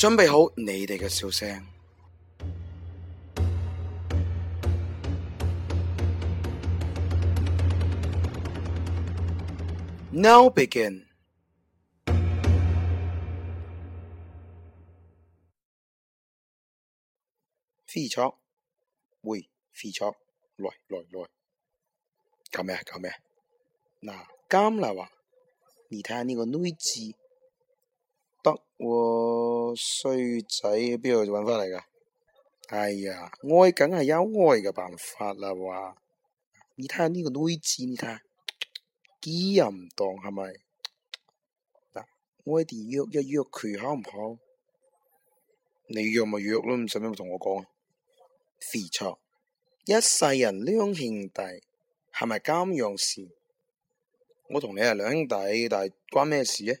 準備好你哋嘅笑聲。Now begin。飛 錯樂，會飛錯，來來來，搞咩啊？搞咩嗱，今嚟話，你睇下呢個女字。得喎、哦，衰仔，邊度就搵翻嚟噶？哎呀，愛梗係有愛嘅辦法啦，話你睇下呢個女子，你睇下，幾淫蕩係咪？嗱，我哋約一約佢好唔好？你約咪約咯，唔使咩同我講、啊。肥錯，一世人兩兄弟係咪咁樣事？我同你係兩兄弟，但係關咩事咧？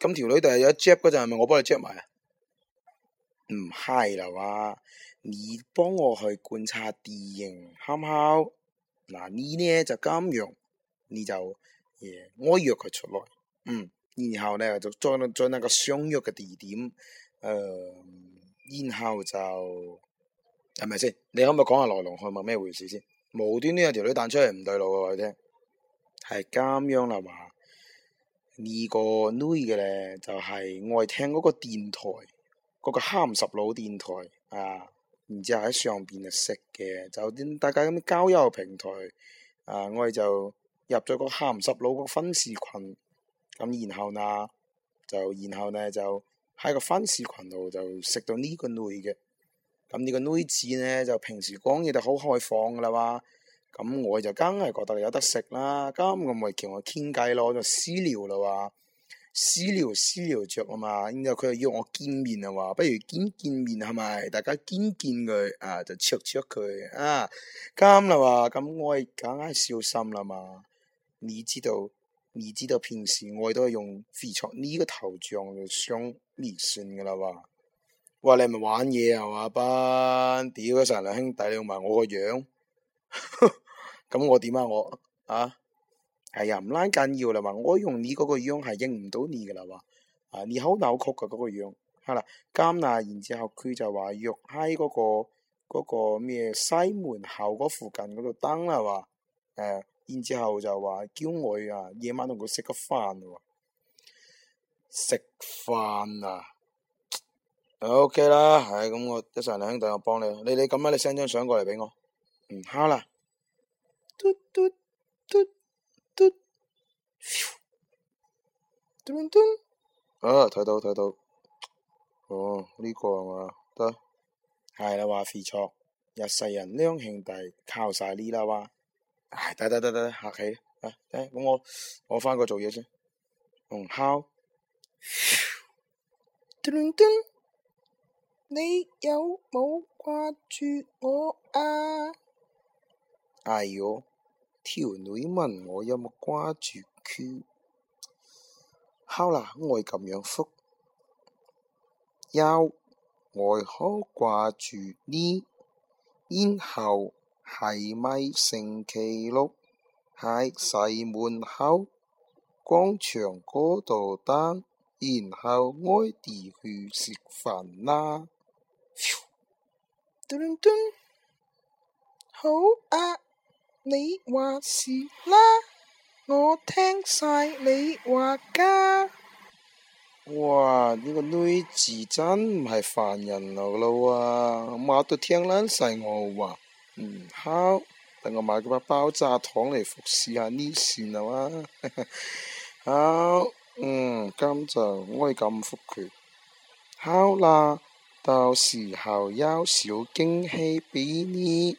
咁條女就係有 jump 嗰陣，係咪我幫你 jump 埋啊？唔 high 啦嘛，你幫我去觀察地形，啱唔啱？嗱、啊，你呢就咁樣，你就，嘢，我約佢出來，嗯，然後咧就再再那個相約嘅地點，誒、呃，然後就係咪先？你可唔可以講下來龍去脈咩回事先？無端端有條女彈出嚟唔對路喎，你聽，係咁樣啦嘛。個呢個女嘅咧，就係、是、我哋聽嗰個電台，嗰、那個鹹濕佬電台啊，然之後喺上邊就識嘅，就點大家咁嘅交友平台啊，我哋就入咗個鹹濕佬個粉絲群，咁然後呢，就然後呢，就喺個粉絲群度就識到呢個女嘅，咁呢個女子呢，就平時講嘢就好開放噶啦嘛。咁我就梗係覺得你有得食啦，咁我咪叫我傾偈咯，就私聊啦話，私聊私聊着啊嘛，然後佢又約我見面啊話，不如見見面係咪？大家見見佢啊，就 check check 佢啊，咁啦話，咁我梗係小心啦嘛、啊啊。你知道，你知道平時我都係用非常呢個頭像就上微信噶啦話，你係咪玩嘢啊？話班屌啊！成兩兄弟你用埋我個樣。咁 我點啊？我啊係、哎、呀，唔拉緊要啦嘛！我用你嗰個樣係認唔到你噶啦嘛！啊你好扭曲噶、啊、嗰、嗰個樣係啦，監啦，然之後佢就話約喺嗰個嗰、嗰個咩西門口嗰附近度等啦嘛，誒、啊，然之後就話叫我啊，夜晚同佢食個飯啦，食飯啊，ok 啦，係、哎、咁我一齊兩兄弟我幫你，你你咁啦，你 send 張相過嚟俾我。嗯，好啦，嘟嘟嘟嘟，嘟倫敦，哦，睇到，睇到，哦呢個啊嘛，得，係啦話事錯，一世人兩兄弟靠晒你啦話，唉，得得得得客氣，啊，咁、欸、我我翻去做嘢先，龍哮，倫敦，你有冇掛住我啊？哎喲，條女問我有冇掛住佢，好啦，我咁樣覆，有，我可掛住呢。然後係咪星期六喺西門口廣場嗰度等，然後我哋去食飯啦。嘟嘟嘟，好啊。你話事啦，我聽晒你話噶。哇！呢、呢個女子真唔係凡人嚟噶啊，我都聽捻晒我話。嗯，好，等我買幾包炸糖嚟服侍下呢線啦。 好，嗯，咁就我哋咁服佢。好啦，到時候有小驚喜俾你。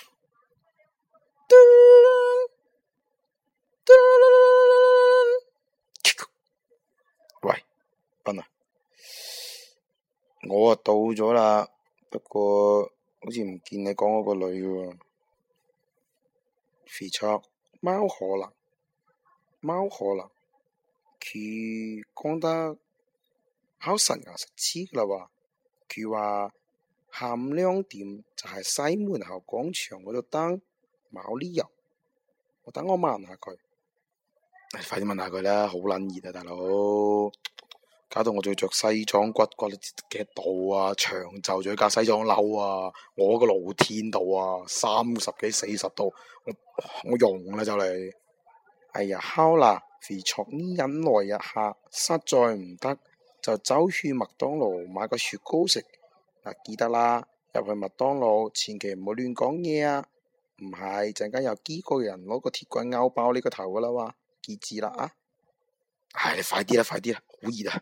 嗯、我啊到咗啦，不過好似唔見你講嗰個女嘅。肥卓，貓可能，貓可能佢講得口神牙食黐㗎啦。佢話下午兩點就係西門口廣場嗰度等冇呢人，我等我問，問下佢。快啲問下佢啦，好捻熱啊，大佬！搞到我仲着西裝骨骨嘅度啊，長袖仲要加西裝褸啊，我個露天度啊，三十幾四十度，我我溶啦就嚟。哎呀，好啦，肥卓忍耐一下，實在唔得就走去麥當勞買個雪糕食。嗱、啊，記得啦，入去麥當勞千祈唔好亂講嘢啊，唔係陣間有幾個人攞個鐵棍勾爆你個頭噶啦，哇，記住啦啊！係、啊，哎、你快啲啦，快啲啦，好熱啊！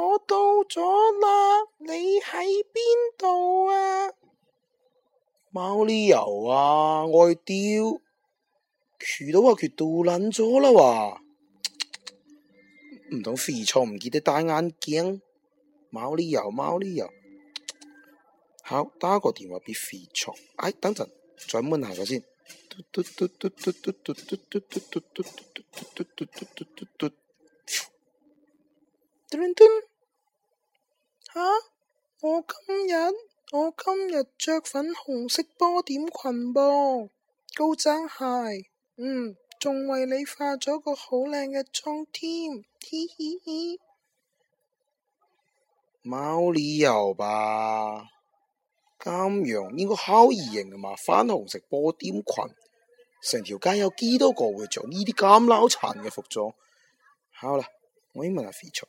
我到咗啦，你喺邊度啊？貓呢游啊，愛丟，渠都啊，佢倒捻咗啦，哇！唔同，肥倉，唔記得戴眼鏡，貓呢游，貓呢游，好，打個電話俾肥倉，哎，等陣再問下佢先。嘟嘟嘟嘟嘟嘟嘟嘟嘟嘟嘟嘟嘟嘟嘟嘟嘟嘟嘟嘟嘟嘟嘟。啊！我今日我今日着粉紅色波點裙噃，高踭鞋，嗯，仲為你化咗個好靚嘅妝添，嘻嘻嘻。冇理由吧，咁樣應該好易認㗎嘛，粉紅色波點裙，成條街有幾多個會着呢啲咁撈殘嘅服裝？好啦，我應問阿肥腸。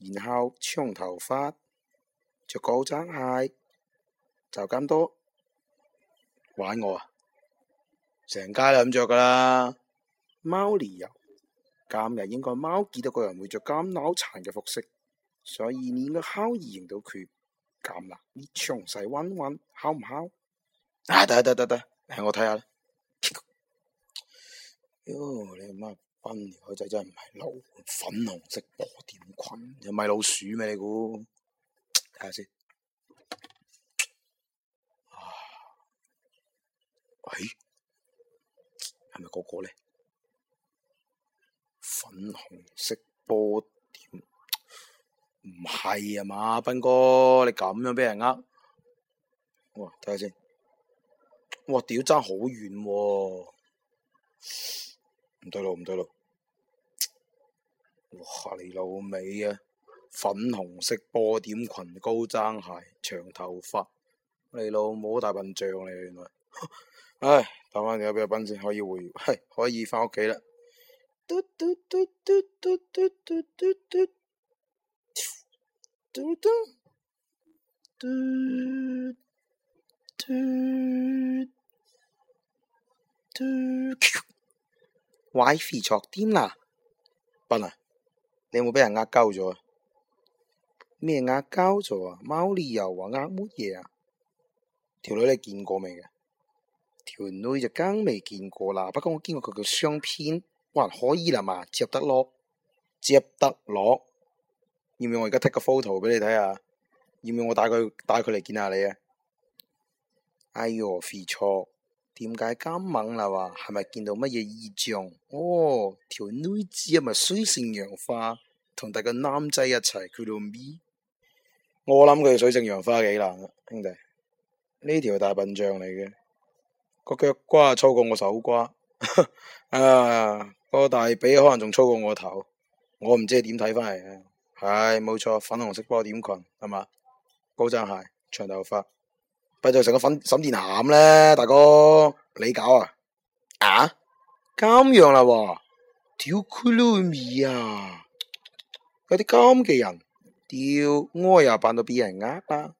然後長頭髮，着高踭鞋，就咁多。玩我啊！成街都咁着噶啦。貓呢油，今日應該貓幾多個人會着咁腦殘嘅服飾？所以你應該敲熱認到佢咁啦。你詳細溫一溫，敲唔敲？啊得得得得，我睇下。喲 你媽！坤，佢仔真係唔係老鼠，粉紅色波點裙，又咪老鼠咩？你估睇下先。啊，喂，係咪個個呢粉紅色波點，唔係啊嘛，斌哥，你咁樣俾人呃，哇，睇下先，哇，屌爭好遠喎！唔對路，唔對路。哇！你老味啊，粉紅色波點裙、高踭鞋、長頭髮，你老母大笨象咧、啊！原來， 唉，打翻幾粒品先，可以回，係可以翻屋企啦。 壞肥錯點啦，笨啊！你有冇俾人呃鳩咗？咩呃鳩咗啊？貓膩又話呃乜嘢啊？條女你見過未嘅？條女就更未見過啦。不過我見過佢嘅相片還可以啦嘛，接得攞，接得攞。要唔要我而家 take 個 photo 俾你睇啊？要唔要我帶佢帶佢嚟見下你啊？哎喲，肥錯！點解監猛啦？話係咪見到乜嘢異象？哦，條女子係咪水性楊花，同第個男仔一齊叫做咩？咪我諗佢水性楊花幾難啊，兄弟，呢條大笨象嚟嘅，個腳瓜粗過我手瓜， 啊，個大髀可能仲粗過我頭，我唔知你點睇翻嚟。係冇錯，粉紅色波點裙係嘛，高踭鞋，長頭髮。咪就成個沈沈殿霞咁咧，大哥你搞啊？啊，咁樣啦？屌佢老味啊！有啲咁嘅人，屌，哀又扮到俾人呃啦。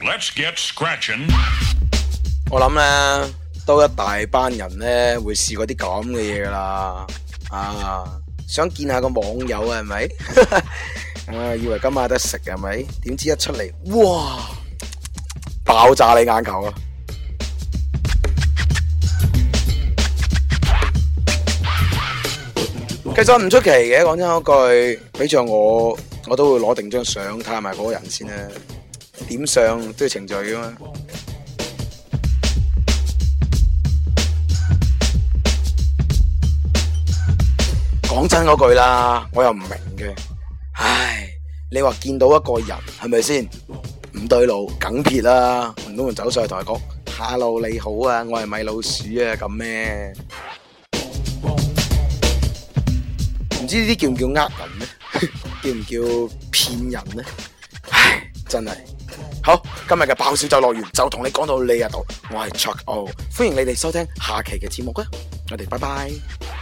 Let's get scratching。我諗咧，都一大班人咧會試過啲咁嘅嘢噶啦，啊，想見下個網友啊，係咪？ 我係以為今晚有得食係咪？點知一出嚟，哇！爆炸你眼球啊！其實唔出奇嘅，講真嗰句，畀着我，我都會攞定張相睇埋嗰個人先啦。點相都要程序噶嘛。講真嗰句啦，我又唔明嘅，唉。.你話見到一個人係咪先唔對路梗撇啦。唔通走上去同佢講，Hello 你好啊，我係米老鼠啊，咁咩？唔 知呢啲叫唔叫呃人呢？ 叫唔叫騙人呢？ 唉，真係好，今日嘅爆笑就落完，就同你講到呢一度，我係 Chuck O，歡迎你哋收聽下期嘅節目啊，我哋拜拜。